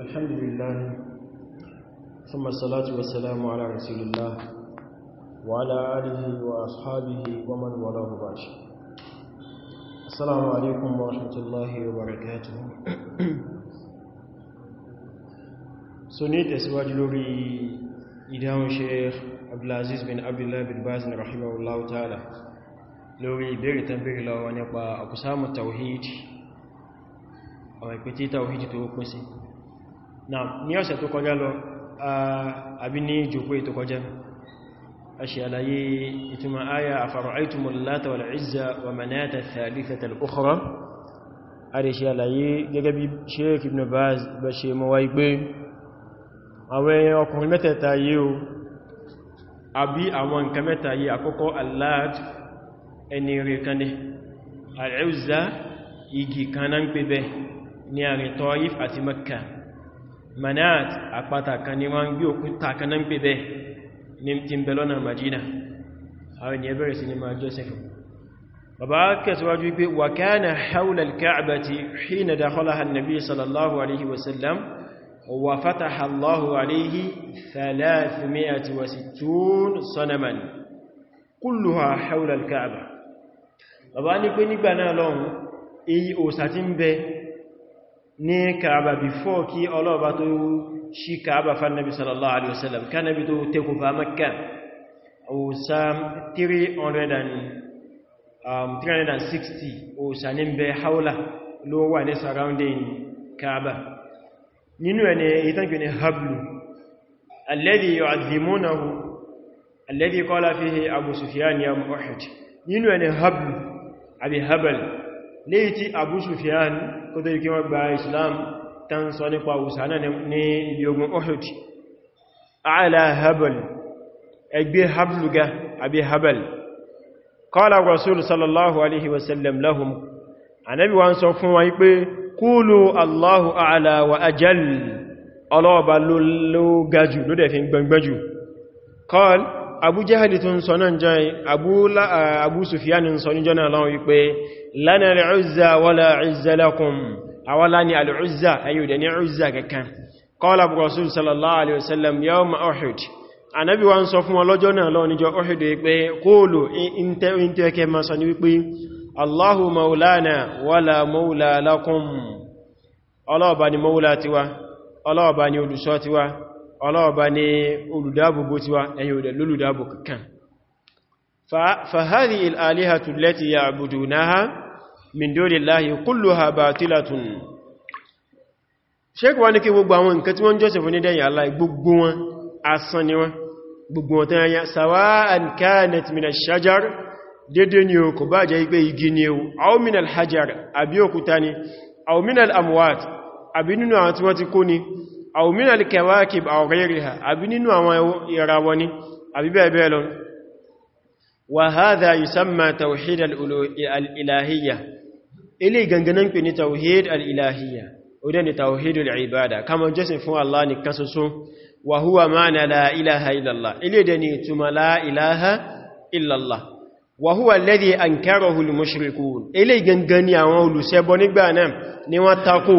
الحمد لله ثم الصلاة والسلام على رسول الله وعلى آله وأصحابه ومن ولاه بعد السلام عليكم ورحمة الله وبركاته سنيت أسواج لوري إدام الشيخ عبد العزيز بن عبد الله بن باز رحمه الله تعالى لوري بيري تنبيري لو أن يبقى أقسام التوحيد أو يكتي توحيد توقسي na ní ọ̀sẹ̀ tó kọjá lọ àbí ní ìjòkó ètò kọjá a ṣe àlàyé ìtumọ̀ ayà afara'aytumul lata wal izza wa manata thalithata al-ukhra a rẹ̀ ṣe àlàyé gẹ́gẹ́ bí sheik ibn baz bá ṣe mọ́wá igbé àwọn èèyàn ọkùnrin mẹ́tẹ̀ẹ̀ta yí o àbí àwọn mẹ́ta yí àkọ́kọ́ igi kan náà ń pè bẹ́ ní àrẹ̀ manat àpáta kan ni wọ́n gbé òkúta kan náà ń pè bẹ́ẹ̀ ní tí ń bẹ̀lọ́nà Madina àwọn ènìyàn bẹ̀rẹ̀ sí ni máa jọ́sìn bàbá kẹsíwájú pé wà kana hawla al-ka'bati hina dakhalaha an-nabi sallallahu alaihi wasallam wa fataha Allahu alaihi 360 sanaman kulluha hawla al bàbá ní pé nígbà náà lọ́hun ní kàábà before kí ọlọ́ọ̀bá tó ṣí kàábà fún nabi sallallahu alaihi wasallam ká nabi tó tẹ́kù bá Makkah òsàm 360 òsàní bẹ haula ló wà ní surrounding kàábà nínú ẹni ìtànkì ni hablu alladhi yu'azzimunahu alladhi qala fihi Abu Sufyan yawm Uhud nínú ẹni hablu àbí léyìí tí Abu Sufyan kó tó yíkí wọ́n gba Islam tán sọ nípa òsànà ní ibi ogun Uhud ala habal ẹgbẹ́ habluga àbí habal qala rasul sallallahu alaihi wasallam lahum anabi wa ń sọ fún wa pé qulu allahu a'la wa ajal ọlọ́ọ̀bá ló gajù ló dẹ̀ fi gbẹ̀gbẹ̀jù qala abu jahali tún sọ náà jẹ́ abu sufiyani sọ ní jọna lọ́wọ́ wípé lana al'uzza wala izza lakum awala ni al'uzza ayo da ni uzza kankan qala abu rasul sallallahu alaihi wasallam yawm uhud anabi wa sọ fún ọlọ́jọ́ náà lọ́wọ́ níjọ uhud wípé qulu in te ke ma sọ ní wípé allahu maulana wala maula ọlọ́ọ̀bá ni olùdáàbòbò ti wá ẹ̀yin òdẹ̀ lólùdáàbò kankan fàhàrí al'alihatu lẹ́ti ya àbùdó náà min dórí láhí kúlù ha bá tílatun ṣe kọwa ní kí gbogbo àwọn nǹkan tí wọ́n jọ́sẹ̀ fún ní dẹ̀yìn Allah gbogbo wọn asán ni wọn gbogbo wọn tán yá sawa'an kanat min ash-shajar àbí nínú àwọn tí wọ́n ti kó ni aw min al-kawakib aw ghayriha àbí nínú àwọn ìràwọ̀ ni àbí bẹ́ẹ̀ bẹ́ẹ̀ lọ wa hadha yusamma tawhid al-ilahiyya ilé ganganan pè ní tawhid al-ilahiyya ó dẹ̀ ni tawhid al-ibada kama jẹ́sìn fún Allah ní kan ṣoṣo wa huwa ma'na la ilaha illallah ilé dẹ̀ ni tuma la illallah wa huwa alladhi ankarahu al-mushrikun ilé gangan àwọn olùṣẹbọ nígbà náà ni wọ́n takò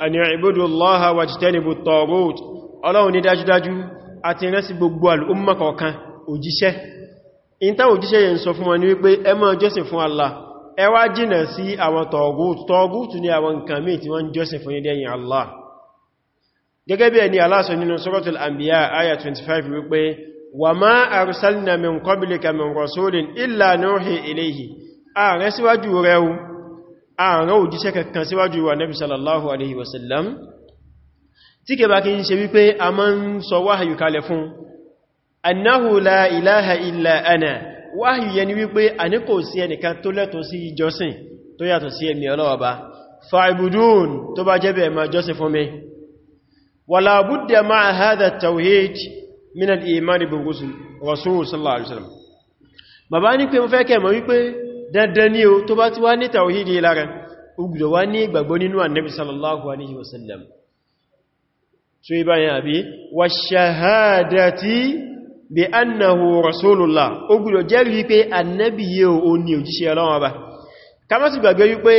an i'budu Allaha wajtanibu at-taghut ọlọ́run ní dájúdájú àti rẹ́sí gbogbo al'umma kọ̀ọ̀kan òjíṣẹ́ in tá òjíṣẹ́ yẹn sọ fún wọn ní wípé ẹ máa jọ́sìn fún Allah ẹ wá jìnà sí àwọn taghut taghut ní àwọn nǹkan mìí tí wọ́n jọ́sìn fún ní Allah gẹ́gẹ́ bí ẹni Allah sọ nínú ààrẹ òjíṣẹ́ kankan síwájú wa nabi sallallahu alaihi wasallam tí kẹ bá kí ń ṣe wípé a ma ń sọ wáhàyù kalẹ̀ fún annahu la ilaha illa ana wáhàyù yẹ ni wípé a ní kò sí ẹnìkan tó lẹ́tọ̀ sí ìjọsìn tó yàtọ̀ sí ẹ̀mí ọlọ́wà bá fa'ibudun tó dandan ni o tó bá ti wá ní tàwíhìdì lára ogùdọ̀ wá ní ìgbàgbọ́ nínú annabi sallallahu alaihi wasallam so ibá yẹn àbí wa ṣahadati bi annahu rasulullah ogùdọ̀ jẹ́rìí wípé annabi yẹ o ní òjíṣẹ́ ọlọ́wọ́ ba ká má sì gbàgbé wípé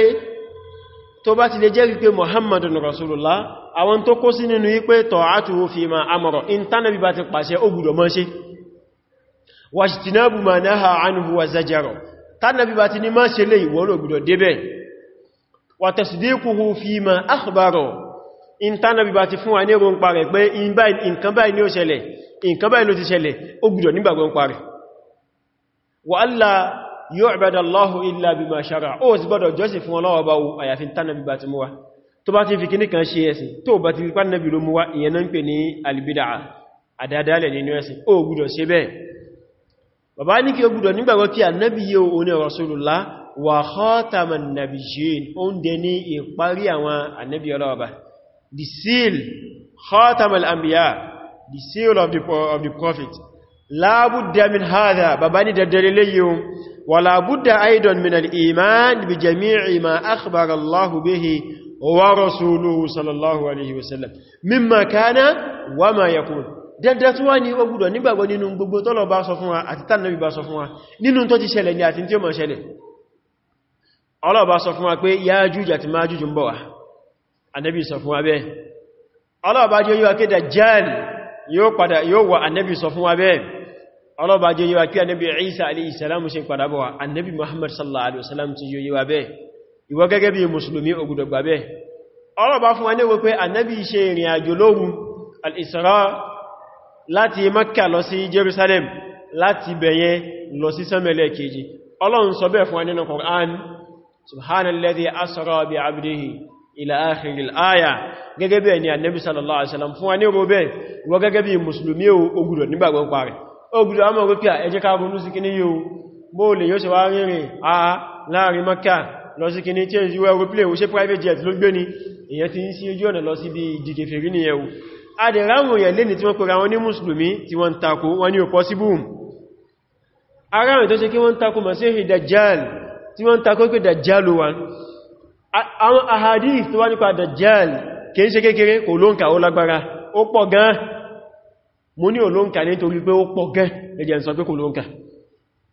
tó bá ti lè jẹ́rìí pé muhammadun rasulullah àwọn tó kó sí nínú wípé ta'atuhu fi ma amara in tánàbí bá ti pàṣẹ ogùdọ̀ mọ́ ṣe wàṣìtìnàbù ma náà àánúhu wa zajara tánàbí bá ti ní máa ṣe lè ìwọ̀n ògbùdọ̀ débẹ̀ wà tasdiquhu fima akhbaro in tánàbí bá ti fún wa ní ẹgbọ́n parẹ̀ pé nǹkan báyìí ni ó ṣẹlẹ̀ nǹkan báyìí ló ògbùdọ̀ nígbàgbọ́n bima shara'a ó sì gbọ́dọ̀ jọ́sìn fún Ọlọ́run bá àyàfi tánàbí bá ti mú wa tó bá ti fi kíní kan ṣe ẹ̀sìn ń pè ní bàbá ní kí o gbọ́dọ̀ nígbàgbọ́ kí ànábì yíò oní rasulullah wa khataman nabiyyin o ń dẹ ní ìparí àwọn ànábì ọlọ́ọ̀bá the seal khatamal anbiya the seal of the, of the prophet la budda min hadha bàbá ní daddare léyìn wa la budda aidan min al-iman jami'i ma akhbara Allah dẹ́dẹ́ tó wá ní ó gbọ́dọ̀ nígbàgbọ́ nínú gbogbo tọ́lọ̀ bá sọ fún wa àti tánàbí bá sọ fún wa nínú tó ti ṣẹlẹ̀ ní àti tí ó mọ̀ ṣẹlẹ̀ Allah bá sọ fún wa pé Yájúj àti Májúj ń bọ̀ wá Ànábì sọ fún wa bẹ́ẹ̀ Allah jẹ́ yíwa pé Dajjal yóò padà yóò sọ fún wa bẹ́ẹ̀ Allah jẹ́ yíwa pé Ànábì Isa alayhi ṣe padà bọ̀ wá Muhammad sallallahu alaihi wasallam ti yóò yíwa bẹ́ẹ̀ ìwọ gẹ́gẹ́ bí mùsùlùmí ó gbọ́dọ̀ gbà fún wa ní wípé Ànábì ṣe ìrìn àjò lóru al-Isra láti Makka lọ sí Jerusalem láti bẹ̀yẹ lọ sí sánmẹ̀lẹ̀ kejì Ọlọ́run sọ bẹ́ẹ̀ fún wa nínú Qur'an subhanalladhi asra bi abdihi ila akhiril aya gẹ́gẹ́ bẹ́ẹ̀ ni annabi sallallahu alaihi wasallam fún wa ní ro bẹ́ẹ̀ wọ gẹ́gẹ́ bí musulmi ó gbọ́dọ̀ nígbàgbọ́ parẹ́ ó gbọ́dọ̀ àmọ́ rúpí à ẹjẹ́ ká ronú sí kíní yóò bóòlè yóò ṣe wá rìnrìn ni èyàn ti ń sí ojú ọ̀nà lọ sí ni ẹ̀wù adìráwò yẹ̀ lè ní tí wọ́n pẹ̀rẹ̀ àwọn ní mùsùlùmí tí wọ́n takò wọ́n ní òpọ́síbù aráwẹ̀ tó ṣe kí wọ́n takò Masihi Dajjal tí wọ́n takò pé Dajjal wà àwọn ahadith tó wá nípa Dajjal kìí ṣe kékeré kò lóǹkà ó lágbára ó pọ̀ gan mo ní olóǹkà nítorí pé ó pọ̀ gan ẹjẹ̀ ń sọ pé kò lóǹkà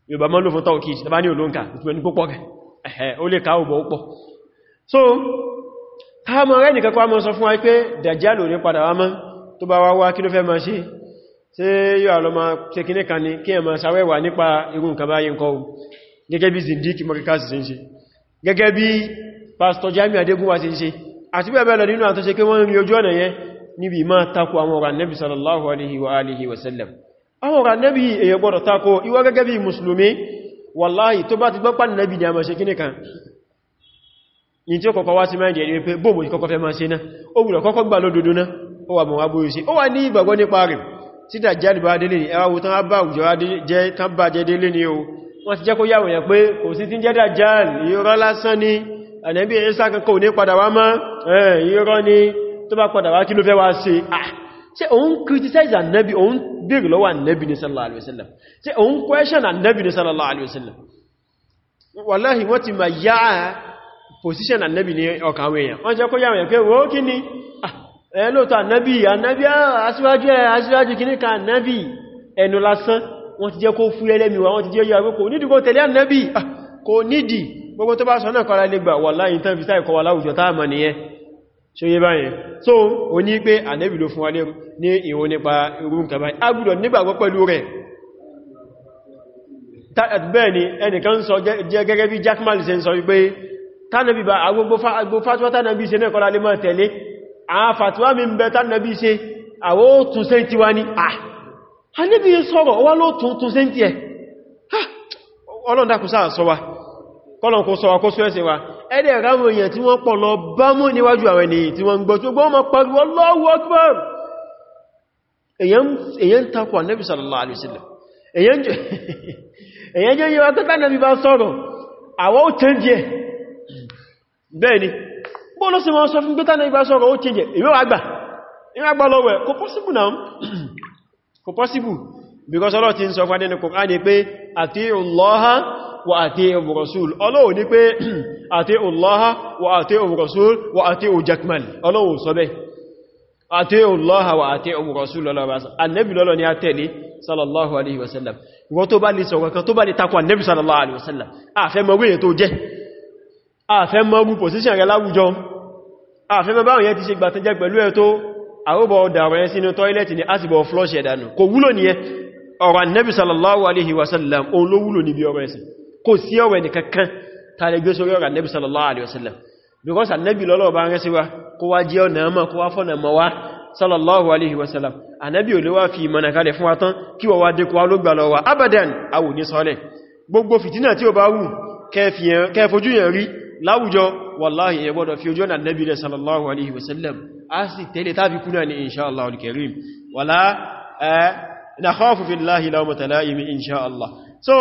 Yorùbá mọ́ ló fún tọ́ òkè ìṣẹ́bá ní olóǹkà ìtùwẹ́ ní púpọ̀ gan ẹ̀hẹ́ ó lè ká òbọ̀ pọ̀ so káàmọ̀ rẹ̀ nìkan kọ́ mọ́ sọ fún wa pé Dajjal ò ní padà wá mọ́ tó bá wá wá kí ló fẹ́ máa ṣe tí yóò àlọ́ máa tẹkiní kan ní kí ẹ máa ṣàwẹ́wà nípa irú nǹkan báyìí nǹkan ohun gẹ́gẹ́ bí zindiki mọ́kíkásì ṣe ń ṣe gẹ́gẹ́ bí pastor Jamiu Adégúnwà ṣe ṣe àti bẹ́ẹ̀ bẹ́ẹ̀ lọ nínú àtúnṣe kí wọ́n rí ojú ọ̀nà yẹn níbi máa takò àwọn ọ̀rọ̀ sallallahu alaihi wa alihi wa sallam àwọn ọ̀rọ̀ Ànábì èyẹ gbọ́dọ̀ takò ìwọ gẹ́gẹ́ bí ni a máa ṣe kíní kan ní tí ó kọ̀kọ́ wá sí máa jẹ́ pé bóòmù ìkọ́kọ́ fẹ́ máa ṣe náà ó wùlọ̀ kọ́kọ́ gbà lódodo náà ó wà mọ̀wá bóyí sí ó wà ní ìgbàgbọ́ nípa rẹ̀ títà jáde bá délé ní ẹwàwó tán bá òjò jẹ́ tán bá jẹ́ délé ní o wọ́n ti jẹ́ kó yàwó yẹn pé kò sí tí ń jẹ́dà jáàlì irọ́ lásán ni ànẹ́bí Ìsá kankan ò ní padà wá mọ́ irọ́ ni tó bá padà sallallahu alaihi wasallam ṣe òun question ànẹ́bí ní sallallahu alaihi wasallam wallahi wọ́n ti ma yáà position ànẹ́bí ní ọkàwé yẹn wọ́n jẹ́ kó yàwó yẹn pé wọ́n kí ni ah ẹlòtà nẹ́bí ànẹ́bí aṣíwájú ẹ̀ aṣíwájú kì ní ká nẹ́bí ẹnu lásán wọ́n ti jẹ́ kó fú ẹlẹ́mì wọ́n ti jẹ́ yọ agbókò nídìí kó tẹ̀lé ànẹ́bí ah, kò nídìí gbogbo tó bá sọ náà kọ́ra lè gbà wà láyìn tán fi sáì kọwa láwùjọ táà mọ̀ nìyẹn ṣe yé báyẹn so o ní pé ànẹ́bí ló fún wa ní ìwọ nípa irú nǹkan báyìí a gbọ́dọ̀ nígbàgbọ́ pẹ̀lú rẹ̀ bẹ́ẹ̀ ni ẹnìkan sọ gẹ́gẹ́ bí Jackman ṣe ń sọ wípé tánàbí bá agbógbó fátúwátánàbí ṣe náà kọ́ra lè máa tẹ̀lé àwọn fàtíwá mi ń bẹ tán nàbí ṣe àwọ́ tún sẹ́ntí wá ní à a níbi ah, sọ́rọ̀ wá ló tún tún sẹ́ntí ẹ̀ ah, ọlọ́ndàkùsá sọ wa kọ́lọ̀n kó sọ wa kó sọ́ẹ̀sẹ̀ wa ẹ̀dẹ̀ ráwọn èèyàn tí wọ́n pọ̀ lọ bá mú níwájú àwọn ènìyàn tí wọ́n gbọ́ tó gbọ́ mọ́ pariwo Allahu Akbar èèyàn takò ànẹ́bì sallallahu alaihi wasallam èèyàn jẹ́ yíwa bọ́ọ̀lọ́ sí wọ́n sọ fún gbẹ́ta náà ìbáṣọ́rọ̀ ó change ìwé àgbà ìrìnàgbà lọ́wẹ́ kò possible náà kò possible because ọlọ́ ti ń sọ fún adẹ́nu Kùránì pé ati'u Allaha wa ati'u Rasul ọlọ́wọ́ ní pé ati'u Allaha wa ati'u Rasul wa ati'u jakmal ọlọ́wọ́ sọ bẹ́ ati'u Allaha wa ati'u Rasul sallallahu alaihi wasallam àfẹ́ mọ́rú pòsíṣàn rẹ láwùjọ àfẹ́ mọ́ báwọn yẹn ti ṣe gbàtẹ́jẹ́ pẹ̀lú ẹ̀ tó àróbọ̀ ọ̀dàrọ̀ yẹn sínú tọ́ílẹ̀tì ni àsìbọ̀ flush ẹ̀dànù kò wúlò ní ẹ ọ̀rọ̀ annabi sallallahu alaihi wasallam òun ló wúlò níbi ọ̀rọ̀ ẹ̀sìn kò sí ọ̀rọ̀ ẹni sallallahu alaihi wasallam because annabi lọ́lọ́ bá rẹ́ sí wa kó wá jẹ́ sallallahu alaihi wasallam annabi ò wa tán kí wọ́n wá dékọ́ ló gbà lọ wa abadan awò ní sọ́lẹ̀ gbogbo fìtínà tí ó bá wù kẹfojú yẹn rí láwùjọ wàláhì ẹ gbọ́dọ̀ fi ojú ọ̀nà Nabi rẹ̀ sallallahu alaihi wasallam a sì tẹ́lẹ̀ tàbí kúnà ní inṣáàlá al-karim wàlá na khafu fillahi lawmata la'imi inṣáàlá so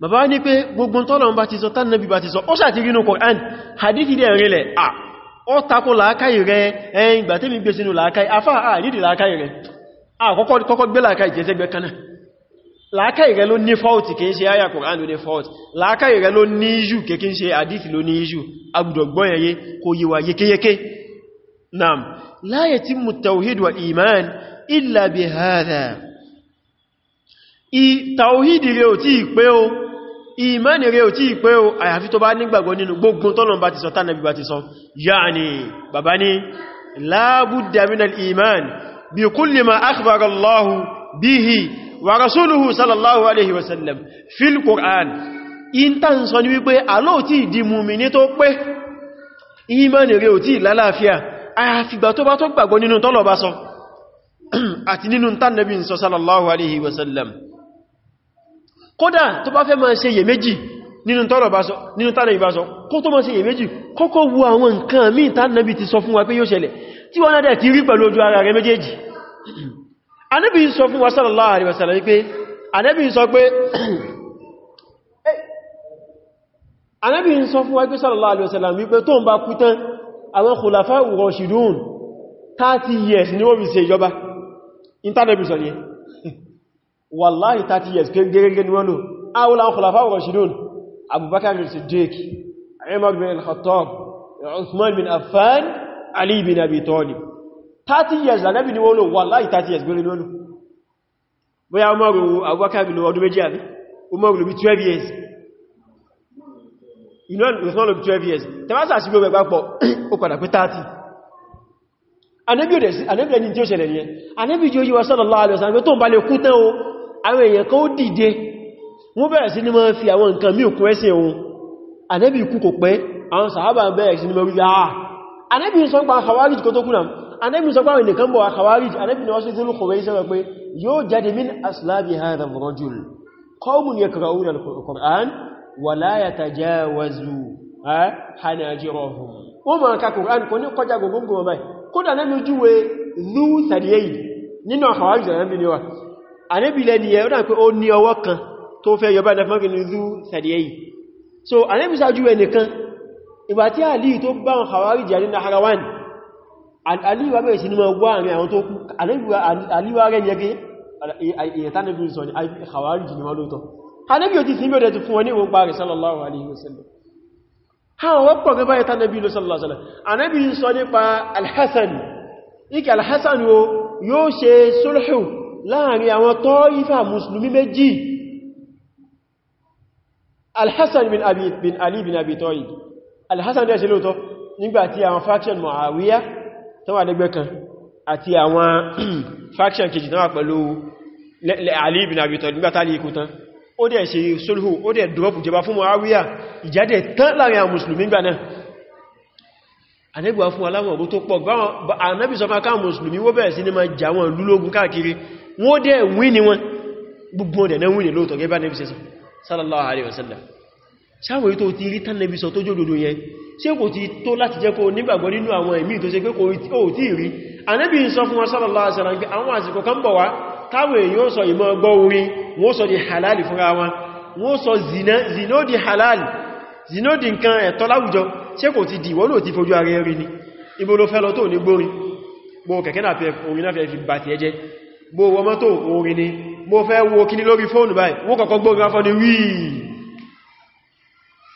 bàbá ní pé gbogbo tọ́lọ̀ bá ti sọ tán Nabi bá ti sọ ó sàti rínú Qur'an hadithi dẹ̀ rinlẹ̀ à ó tako làákàí rẹ ẹ̀yìn gbàtẹ́mi gbé sínú làákàí afá à nídìí làákàí rẹ láàkàí rẹ ló ní fọ́ọ̀tì kìí ṣe àyà Kùránì ló ní fọ́ọ̀tì láàkàí rẹ ló ní ìṣù kìí ṣe àdífì ló ní ìṣù agbùdọ̀gbọ́nyẹye kò yíwa yékéyéké nam la yatimmu tawhid wa iman illa bi hadha i tawhid rẹ ò tí pé o iman rẹ ò tí pé o àyàfi bihi wa rasuluhu sallallahu alaihi wasallam fil Qur'an in ta n sọ ni wípé aló tí di mùmìní tó pé ìmánì rẹ̀ ò tí lálàáfíà àyàfìgbà tó bá tó gbàgbọ́ nínú tọ́lọ̀bá sọ àti nínú tánàbí sọ sallallahu alaihi wasallam kódà tó bá fẹ́ máa ṣe yèméjì nínú tánàbí bá sọ kó tó máa ṣe yèméjì kọ́kọ́ wo àwọn nǹkan míì tánàbí ti sọ fún wa pé yóò ṣẹlẹ̀ tí wọ́n náà ti rí pẹ̀lú ojú ara rẹ̀ méjèèjì anẹ́bí sọ fún wa sallallahu alaihi wasallam wípé anẹ́bí sọ pé anẹ́bí sọ fún wa pé sallallahu alaihi wasallam wípé tó ń bá kú tán àwọn khulafa rashidun 30 years ni wọ́n fi ṣe ìjọba intanẹ́bí sọ ní wallahi 30 years gẹ́gẹ́gẹ́ ni wọ́n lò àwọn àwọn khulafa rashidun abubakar siddiq umar bin khattab uthman bin affan ali bin abi talib 30 years lànẹ́bì ni wọ́n lò wallahi 30 years gbẹ́rẹ́ lọ́lù bóyá umaru abubakar lò ọdún méjì àbí umaru lò bí 12 years inú Usman lò bí 12 years tẹ́másà sí gbogbo ẹgbà pọ̀ ó padà pé 30 anẹ́bì ẹni tí ó ṣẹlẹ̀ nìyẹn anẹ́bì jí ó yíwa sallallahu alaihi wasallam tó ń bá lè kú tán ohun àwọn èèyàn kan ó dìde wọ́n bẹ̀rẹ̀ sí ní máa fi àwọn nǹkan mí òkú ẹsẹ̀ ohun anẹ́bì kú kò pẹ́ àwọn sàhábà bẹ̀rẹ̀ sí ní máa wípé ah. àà anẹ́bì sọ ń pa Khawarij kó tó kú náà anẹ́bìn sọ pàwọn nìkan bọ̀ àkàwárí anẹ́bìn wọ́n sí zílù kò wéí sọ́rọ̀ pé yóò jáde min aslábi hadha rajul qawmun yaqra'una al-Qur'an wa la yatajawazu hanajirahum ó ma ka Qur'an kò ní kọjá gbogbo ọmọ kódà nẹ́bì júwe zú sàdíyẹ́yì nínú àkàwárí anẹ́bìn wa anẹ́bìn lẹ́ni ẹ̀ rán pé so anẹ́bìn sájú ẹnìkan ìgbà tí àlì tó bá àwọn àkàwárí jẹ́ nínú harawan alíwà bẹ̀rẹ̀ sí ní máa wá àrin àwọn tó kú alíwà rẹ̀ ní ẹgbẹ́ ìyẹ̀tánẹ́bí sọ ní àwárìjì ni wọ́n lóòtọ́ anẹ́bí ò ti sí mẹ́rẹ̀ tó fún wọn ní ìwọ̀n parí sallallahu alaihi alhassan bin abi talib alhassan dẹ́ ṣe lóòtọ́ nígbàtí àwọn faction muawiya tó wà lẹ́gbẹ́ kan àti àwọn faction kejì náà pẹ̀lú Ali ibn Abi Talib nígbàtà lè ikú tán ó dẹ̀ ṣe sulhu ó dẹ̀ dúrọ́pù jẹba fún Muawiya ìjádẹ tán láàrin àwọn mùsùlùmí gbà náà anẹ́gbà fún aláwọ̀ ọgbó tó pọ̀ anábì sọ máa káà mùsùlùmí wó bẹ̀rẹ̀ sí ní máa jà wọn lúlógún káàkiri wọ́n dẹ̀ wí ni wọn gbogbo ọdẹ̀ náà wí ni lóòtọ̀ gẹ́bà nẹ́bì sẹ́sàn sáwọn ètò ti rí tánàbí sọ tó jòdòdó yẹn ṣé kò ti tó láti jẹ́ kó nígbàgbọ́ nínú àwọn ẹ̀mí tó ṣe pé kò tí rí Ànábì sọ fún wọn sallallahu alaihi wasallam pé àwọn di halal fúnra wọn wọ́n zina zina di halal zina di nǹkan ẹ̀tọ́ láwùjọ ṣé kò ti dì wọ́n lò ti fojú ara ẹ̀rí ni ibo ló fẹ́ lọ tó ní gbórin bó kẹ̀kẹ́ náà fẹ́ orin náà fẹ́ fi bà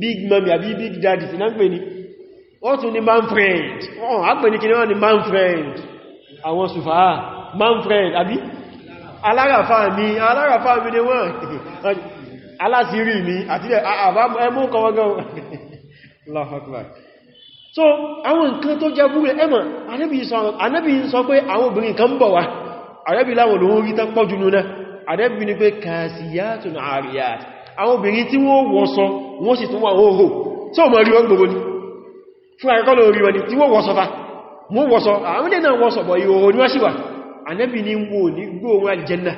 big mommy àbí big daddy tí náà pè ní ó tún ní man friend ọ̀hún àpè ní kìnnà ní man friend àwọn sùfàá man friend àbí alárafà mi alárafà mi ni wọ́n alásìírí mi àti ẹmú kọwọ́gọ́ so àwọn nǹkan tó jẹ́ búrẹ̀ ẹmọ̀ Ànábì sọ pé àwọn obìnrin kan bọ̀ wá Ànábì láwọn olóhun rí tán pọ̀ jùnú náà Ànábì ni pé kàásíyàtùn àríyàtù àwọn obìnrin tí wọ́n wọ́sọ wọ́n sì tún wà hóhò tí ó mọ̀ rí wọ́n gbogbo ní fún àkọ́lọ̀ orí wọn ni tí wọ́n wọ́sọ fa mú wọ́sọ àwọn ilẹ̀ náà wọ́sọ bọ̀ ìhòhò ní wá sí wà anẹ́bì ni wò ní gbóòrùn alìjẹ́nà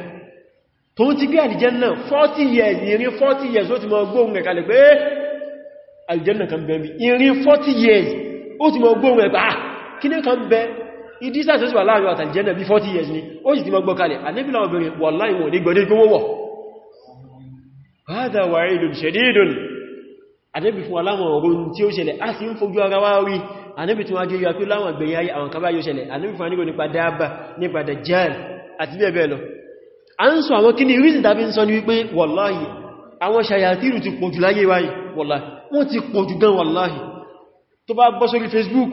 tó ń ti gbé alìjẹ́nà 40 years ìrìn 40 years ó ti mọ gbóòrùn ẹ̀kalẹ̀ pé alìjẹ́nà kan bẹ̀ mi ìrìn 40 years ó ti mọ gbóòrùn ẹ̀pá ah, kí ní kan bẹ ìdísà tó sì wà láàrin àtàlìjẹ́nà bí 40 years ni ó sì ti mọ gbọ́kalẹ̀ anẹ́bì láwọn obìnrin wọ̀ láìwọ̀n ní gbọ́dé gbówó wọ̀ hádà wà ìlú ṣedídùn àdébì fún aláwọn ọ̀run tí ó ṣẹlẹ̀ a sì ń fojú ara wá rí ànábì tí wọ́n jẹ́ yàkú láwọn gbẹ̀yà àwọn kaba yóò ṣẹlẹ̀ ànábì fún anígbò nípa dáàbà nípa dajjal àti bẹ́ẹ̀ bẹ́ẹ̀ lọ a ń sọ àwọn kíní rízìn tàbí ń sọ ní wípé wàláhì àwọn ṣayàtìrù ti pọ̀jù láyé wáyé wàláhì wọ́n ti pọ̀jù gan wàláhì tó bá bọ́ sórí Facebook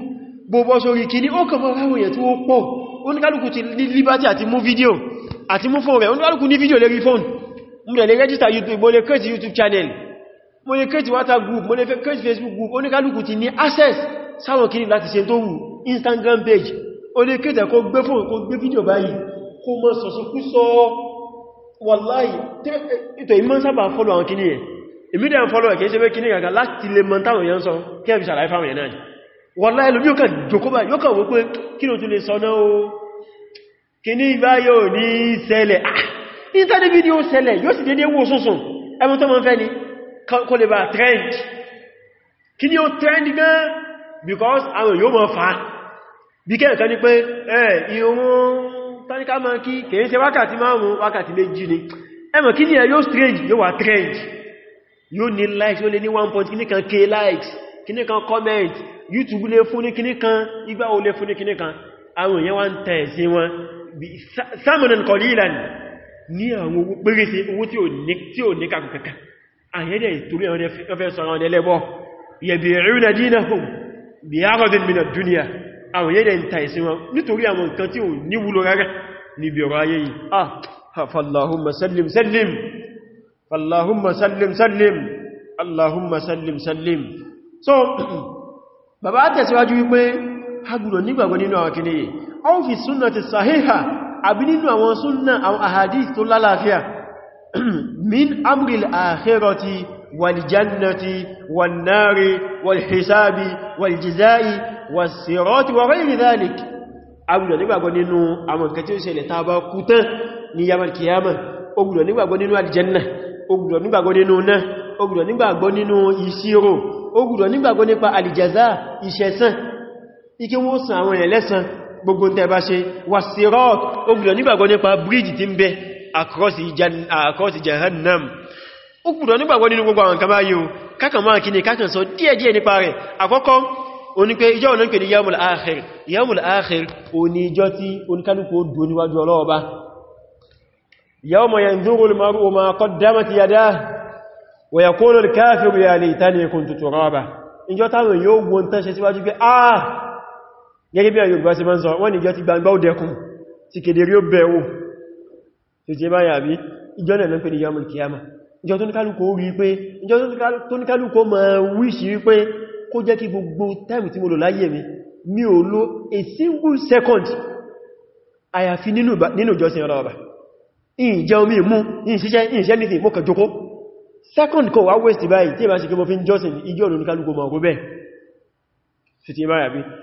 gbogbo sórí kini, ó kàn mọ́ ráwọ̀ èèyàn tí ó pọ̀ oníkálùkù ti ní liberty àti mú fídíò àti mú fóònù rẹ̀ oníkálùkù ní fídíò lérí fóònù mo lè register youtube mo lè create youtube channel mo lè create whatsapp group mo lè create facebook group oníkálùkù ti ní access sáwọn kiri láti ṣe tó wù instagram page o lè kéde kó gbé fóònù kó gbé fídíò báyìí kó mọ́ sọ̀sọ̀ kú sọ wàláì ètò ìmọ́ sábà fọ́lọ̀ àwọn kìíní ẹ̀ ìmídẹ̀ fọ́lọ̀ ẹ̀kẹ́ ṣe fẹ́ kìíní gàgà láti lè mọ́ táwọn èèyàn sọ kí ẹ̀ fi ṣàlàyé fáwọn yóò kàn pé kí ló tún lè sọ náà o kìíní báyìí ò ní ṣẹlẹ̀ ah ìtàdé fídíò ṣẹlẹ̀ yóò sì dédé wò sùnsùn ẹmọ tó mọ́ fẹ́ ni kò lè bá trend kí ni ó trend gan because àwọn yóò mọ́ fa bí kẹ́ẹ̀kan ní pé ẹ̀ ìhun tánníká mọ́ kí kèé ṣe wákàtí márùn wákàtí méjì ni ẹmọ̀ kí ni ẹ yóò strange yóò wà trend yóò ní likes yóò lè ní one point kíní kan k likes kíní kan comment youtube lè fún ní kíní kan igbá o lè fún ní kíní kan àwọn èèyàn wá ń tẹ̀ sí wọn samanan kọlílan ní àwọn owó pérése owó tí ò ní kàkù kàkà àyẹ́dẹ̀ ìtorí àwọn ẹfẹ́ sọ́rọ̀ ọ̀dẹ́ lẹ́bọ́ yẹ̀bẹ̀rún dínahùn bí áradin minad dunya àwọn yẹ́dẹ̀ ìta ìsin wọn nítorí àwọn nǹkan tí ò ní wúlò rárá níbi ọ̀rọ̀ ayé yìí ah fallahumma sallim sallim fallahumma sallim sallim allahumma sallim sallim so bàbá tẹ̀síwájú wípé hagbùrọ̀ nígbàgbọ́ nínú àwọn kìnnìyàn ọ́n fi sunnati sahiha àbí nínú àwọn súnnà àwọn ahadith tó lálàáfíà min amril akhirati waljannati wannari walhisabi waljizai wasirati wa ghairi dhalik agbùdọ̀ nígbàgbọ́ nínú àwọn nǹkan tí ó ṣẹlẹ̀ ta bá kú tán ní yamal kiyama ogbùdọ̀ nígbàgbọ́ nínú aljanna ogbùdọ̀ nígbàgbọ́ nínú náà ogbùdọ̀ nígbàgbọ́ nínú ìṣirò ogbùdọ̀ nígbàgbọ́ nípa alìjẹ̀zá ìṣẹ̀san ike wọ́n san àwọn ẹ̀lẹ́san gbogbo tẹ́ bá ṣe wà sirat ó gbọ́dọ̀ nígbàgbọ́ nípa bridge tí ń bẹ across jahannam ó gbọ́dọ̀ nígbàgbọ́ nínú gbogbo àwọn kama yíò kákan máa kí ní kákan sọ díẹ̀díẹ̀ nípa rẹ̀ àkọ́kọ́ oní pé ìjọ́ ọ̀nà ń pè ní yamul akhir yamul akhir oní ìjọ́ tí oníkálùkù ó dùn níwájú ọlọ́ọba yawma yanzuru al-mar'u ma qaddamat yadahu wa yaqulu al-kafiru ya laytani kuntu turaba ìjọ́ táwọn yóò wọ́n tán ṣe síwájú pé ah gẹ́gẹ́ bí àyọ̀gbà sí máa ń sọ wọ́n ni ti gbangba ó dẹkùn ti kèdèrí ó bẹ̀wò tí ó ti bá yà bí ìjọ́ náà pẹ̀lú yàmù kìyàmà ìjọ́ tó ma wíṣì rí pé kó jẹ́ kí gbogbo time tí mo lò láyé mi mi ò lò a single second àyàfi nínú ìjọsìn ọlọ́ọ̀bà ìjẹ́ omi mú ìṣiṣẹ́ ìṣẹ́ nìtì mọ́ kàjókó second kò wá waste báyìí tí ìbá ṣe kí mo fi ń jọ́sìn ìjọ́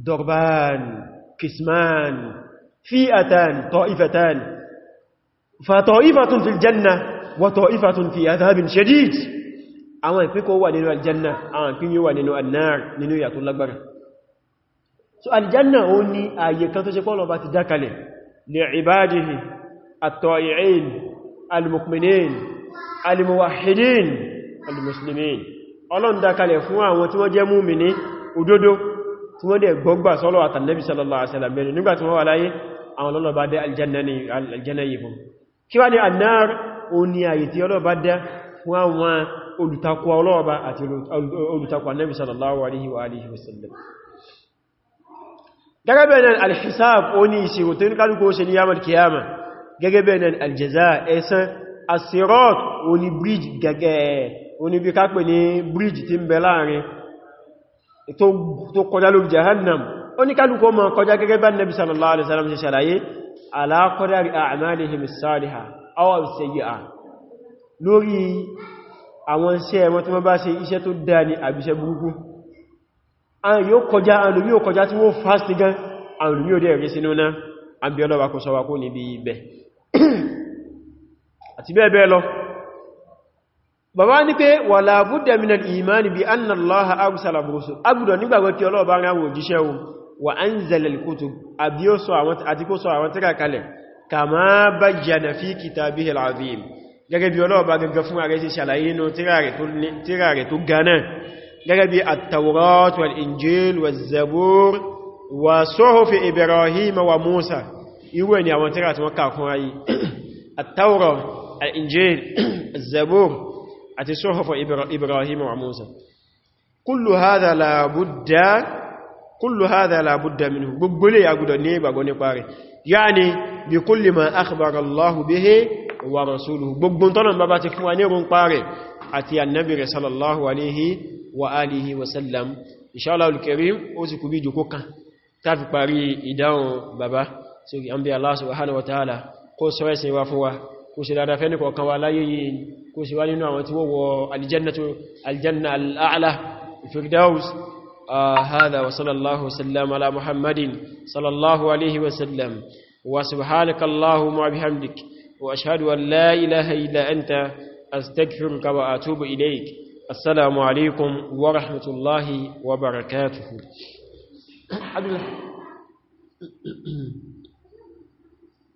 ضربان قسمان فئتان طائفتان فطائفة في الجنة وطائفة في عذاب شديد àwọn ìpín kó wà nínú aljanna àwọn ìpín yíò wà nínú annar nínú ìyà tó lágbára so aljanna ó ní ààyè kan tó ṣe pọ́lọ̀ bá ti dákalẹ̀ li ibadihi at-ta'i'in al-mu'minin al-muwahhidin al-muslimin ọlọ́n dákalẹ̀ fún àwọn tí wọ́n jẹ́ múmini òdodo tí wọ́n dẹ̀ gbọ́gbà sọ́lọ́ àtàlẹ́bì sallallahu alaihi wasallam nígbà tí wọ́n wà láyé àwọn ọlọ́lọ́bá dẹ́ aljanna yìí fún kí wá ní annar o ní àyè tí ọlọ́bá dẹ́ fún àwọn olùtakọ ọlọ́ọ̀bá àti olùtakọ annabi sallallahu alaihi wa alihi wasallam gẹ́gẹ́ bẹ́ẹ̀ náà alhisab o ní ìṣirò tó ní kálùkù ó ṣe ní yamal kiyama gẹ́gẹ́ bẹ́ẹ̀ aljaza ẹ̀san asirat o bridge gẹ́gẹ́ o ní bí kápẹ̀ ní bridge tí ń bẹ láàrin tó kọjá lórí jahannam oníkálùkù ma kọjá gẹ́gẹ́ bá nabi sallallahu alaihi wasallam ṣe ṣàlàyé ala qadari a'malihim as-salihah aw as-sayyi'ah lórí àwọn iṣẹ́ wọn àbí ọlọ́wà kó sọ wa kó níbi ibẹ̀ àti bẹ́ẹ̀ bẹ́ẹ̀ lọ bàbá ní pé wà láàbúdà min al-imani bí an allaha arsala rusul agbùdọ̀ nígbàgbọ́ kí ọlọ́ọ̀bá rán wò jíṣẹ́ o wà anzala al-kutub àti kó sọ àwọn tírà kalẹ̀ kama bayyana fi kitabihi al-azim bí ọlọ́ọ̀bá gẹ́gẹ́ fún ààrẹ àti sọ́họ̀fọ̀ Ibrahim wa Musa kullu hadha la budda kullu hadha la budda minhu gbogbo lè yàgùdọ̀ ní ìgbàgbọ́ nípa rẹ̀ yáni bí kulli ma akhbara Allahu bihi wa rasuluhu gbogbo tọ́nà bàbá ti fún wa ní rún parẹ̀ àti annabi rẹ̀ sallallahu alaihi wa alihi wa sallam inshallah al-karim ó sì kú bí kan ta fi parí ìdáhùn bàbá so an bí Allah subhanahu wa ta'ala kó sọ́rẹ́sìn wa fún kó ṣe dáadáa fẹ́ni kọ̀ọ̀kan wa láyé yìí kó ṣe wá nínú àwọn tí wọ́n wọ aljannatu aljanna al'ala firdaus hada wa sallallahu sallam ala muhammadin sallallahu alaihi wa sallam wa subhanaka allahumma wa bihamdik wa ashhadu an la ilaha illa anta astaghfiruka wa atubu ilaik assalamu alaikum wa rahmatullahi wa barakatuh Abdullah